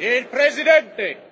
Il Presidente!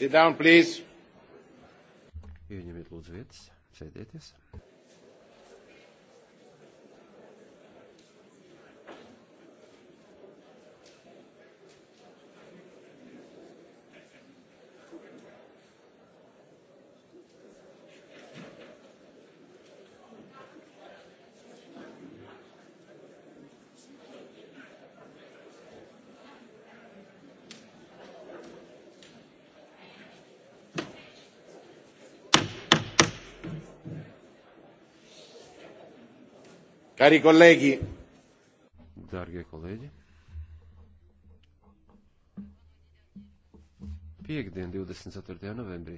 Sit down, please. Ieņemiet lūdzu vietas, sēdieties. Cari colleghi. Dargie kolēģi. Piektdien, 24. novembrī.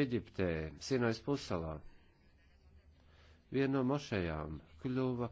Eģiptē, Sinais pussalā, viena no mošējām kļuva